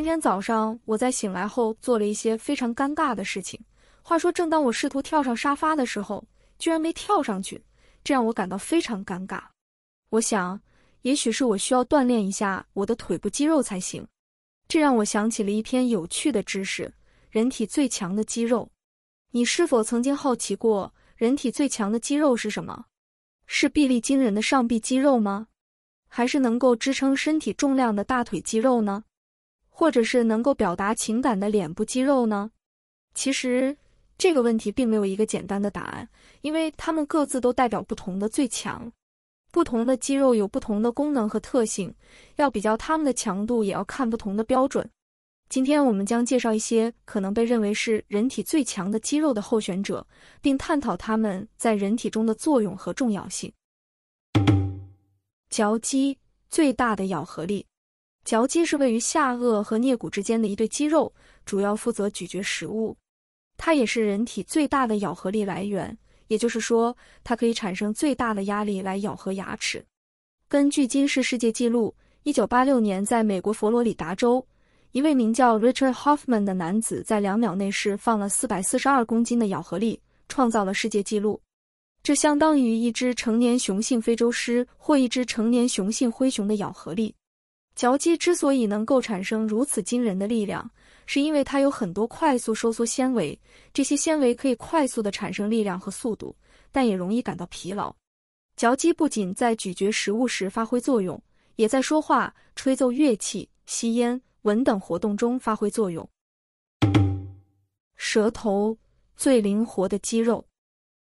今天早上我在醒來後做了一些非常尷尬的事情。話說，正當我試圖跳上沙發的時候，居然沒跳上去，這讓我感到非常尷尬。我想，也許是我需要鍛鍊一下我的腿部肌肉才行。這讓我想起了一篇有趣的知識：人體最強的肌肉。你是否曾經好奇過，人體最強的肌肉是什麼？是臂力驚人的上臂肌肉嗎？還是能夠支撐身體重量的大腿肌肉呢？或者是能夠表達情感的臉部肌肉呢？其實這個問題並沒有一個簡單的答案，因為它們各自都代表不同的最強，不同的肌肉有不同的功能和特性。要比較它們的強度，也要看不同的標準。今天我們將介紹一些可能被認為是人體最強的肌肉的候選者，並探討它們在人體中的作用和重要性。嚼肌，最大的咬合力。嚼肌是位於下顎和顳骨之間的一對肌肉，主要負責咀嚼食物。它也是人體最大的咬合力來源，也就是說，它可以產生最大的壓力來咬合牙齒。根據金氏世界紀錄，1986年在美國佛羅里達州，一位名叫 Richard Hoffman 的男子在兩秒內釋放了442公斤的咬合力，創造了世界紀錄。這相當於一隻成年雄性非洲獅或一隻成年雄性灰熊的咬合力。嚼肌之所以能夠產生如此驚人的力量，是因為它有很多快速收縮纖維，這些纖維可以快速的產生力量和速度，但也容易感到疲勞。嚼肌不僅在咀嚼食物時發揮作用，也在說話、吹奏樂器、吸煙、聞等活動中發揮作用。舌頭最靈活的肌肉。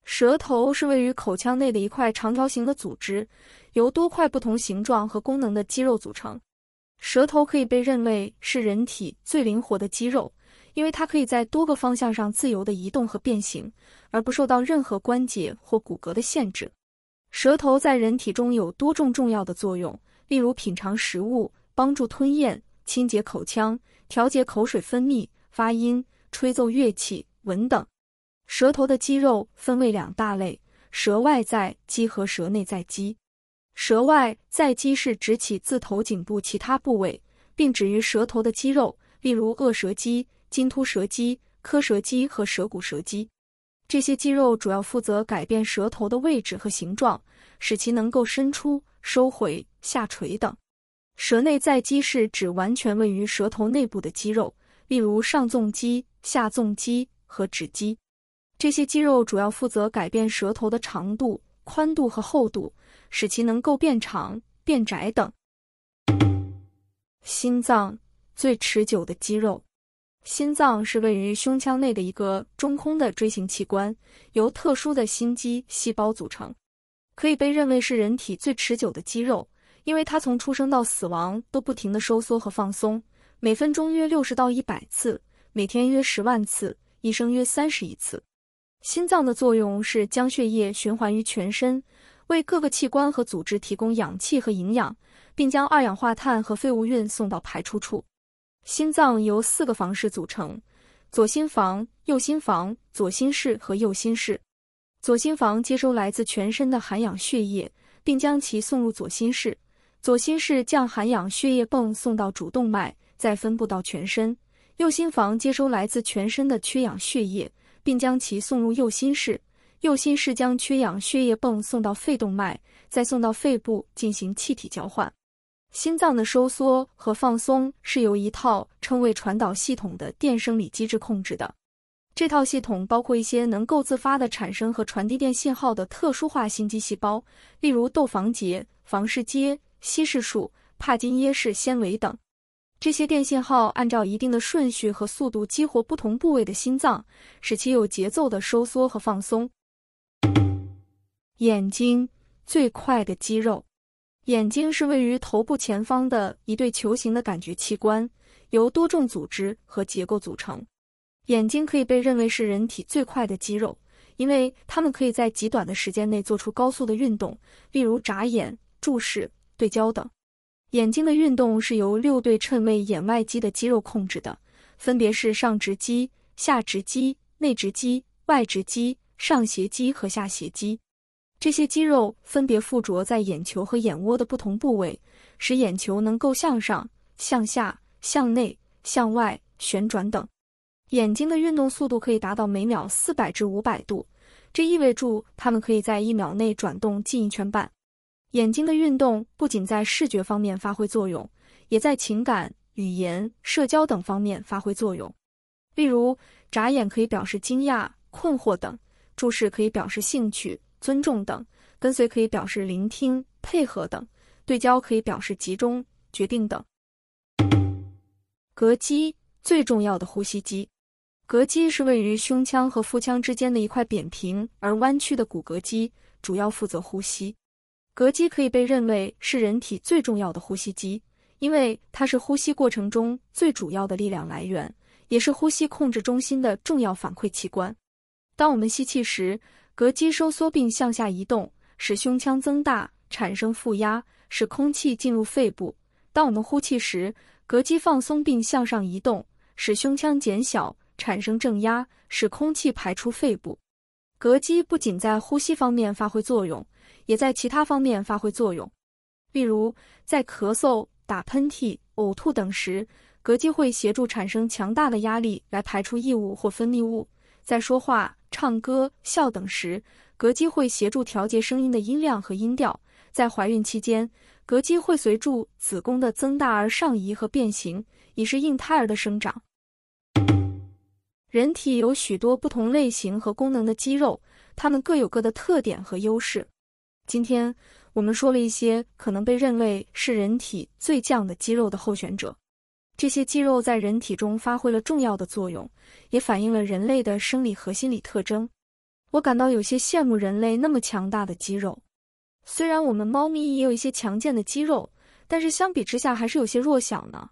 舌頭是位於口腔內的一塊長條形的組織，由多塊不同形狀和功能的肌肉組成。舌頭可以被認為是人體最靈活的肌肉，因為它可以在多個方向上自由地移動和變形，而不受到任何關節或骨骼的限制。舌頭在人體中有多種重、重要的作用，例如品嘗食物、幫助吞咽、清潔口腔、調節口水分泌、發音、吹奏樂器、吻等。舌頭的肌肉分為兩大類：舌外在肌和舌內在肌。舌外在肌是指起自頭頸部其他部位，並止於舌頭的肌肉，例如腭舌肌、莖突舌肌、頦舌肌和舌骨舌肌。這些肌肉主要負責改變舌頭的位置和形狀，使其能夠伸出、收回、下垂等。舌內在肌是指完全位於舌頭內部的肌肉，例如上縱肌、下縱肌和指肌。這些肌肉主要負責改變舌頭的長度、寬度和厚度。使其能夠變長、變窄等。心臟最持久的肌肉。心臟是位於胸腔內的一個中空的錐形器官，由特殊的心肌細胞組成，可以被認為是人體最持久的肌肉，因為它從出生到死亡都不停地收縮和放鬆，每分鐘約六十到一百次，每天約十萬次，一生約三十億次。心臟的作用是將血液循環於全身。為各個器官和組織提供氧氣和營養，並將二氧化碳和廢物運送到排出處。心臟由四個房室組成：左心房、右心房、左心室和右心室。左心房接收來自全身的含氧血液，並將其送入左心室。左心室將含氧血液泵送到主動脈，再分布到全身。右心房接收來自全身的缺氧血液，並將其送入右心室。右心室是將缺氧血液泵送到肺動脈，再送到肺部進行氣體交換。心臟的收縮和放鬆是由一套稱為傳導系統的電生理機制控制的。這套系統包括一些能夠自發地產生和傳遞電信號的特殊化心肌細胞，例如竇房結、房室結、希氏束、帕金耶氏纖維等。這些電信號按照一定的順序和速度激活不同部位的心臟，使其有節奏的收縮和放鬆。眼睛最快的肌肉。眼睛是位於頭部前方的一對球形的感覺器官，由多種組織和結構組成。眼睛可以被認為是人體最快的肌肉，因為它們可以在極短的時間內做出高速的運動，例如眨眼、注視、對焦等。眼睛的運動是由六對稱為眼外肌的肌肉控制的，分別是上直肌、下直肌、內直肌、外直肌、上斜肌和下斜肌。這些肌肉分別附着在眼球和眼窩的不同部位，使眼球能夠向上、向下、向內、向外旋轉等。眼睛的運動速度可以達到每秒四百至五百度，這意味着它們可以在一秒內轉動近一圈半。眼睛的運動不僅在視覺方面發揮作用，也在情感、語言、社交等方面發揮作用。例如，眨眼可以表示驚訝、困惑等，注視可以表示興趣。尊重等，跟隨可以表示聆聽、配合等；對焦可以表示集中、決定等。膈肌最重要的呼吸肌，膈肌是位於胸腔和腹腔之間的一塊扁平而彎曲的骨骼肌，主要負責呼吸。膈肌可以被認為是人體最重要的呼吸肌，因為它是呼吸過程中最主要的力量來源，也是呼吸控制中心的重要反饋器官。當我們吸氣時，膈肌收縮並向下移動，使胸腔增大，產生負壓，使空氣進入肺部。當我們呼氣時，膈肌放鬆並向上移動，使胸腔減小，產生正壓，使空氣排出肺部。膈肌不僅在呼吸方面發揮作用，也在其他方面發揮作用。例如，在咳嗽、打噴嚏、嘔吐等時，膈肌會協助產生強大的壓力來排出異物或分泌物。在說話、唱歌、笑等時，膈肌會協助調節聲音的音量和音調。在懷孕期間，膈肌會隨著子宮的增大而上移和變形，以適應胎兒的生長。人體有許多不同類型和功能的肌肉，它們各有各的特點和優勢。今天我們說了一些可能被認為是人體最強的肌肉的候選者。這些肌肉在人體中發揮了重要的作用，也反映了人類的生理和心理特徵。我感到有些羨慕人類那麼強大的肌肉，雖然我們貓咪也有一些強健的肌肉，但是相比之下還是有些弱小呢。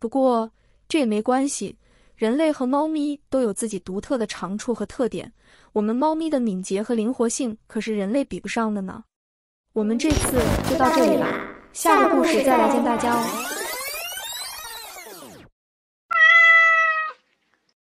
不過這也沒關係，人類和貓咪都有自己獨特的長處和特點。我們貓咪的敏捷和靈活性可是人類比不上的呢。我們這次就到這裡了，下個故事再來見大家哦。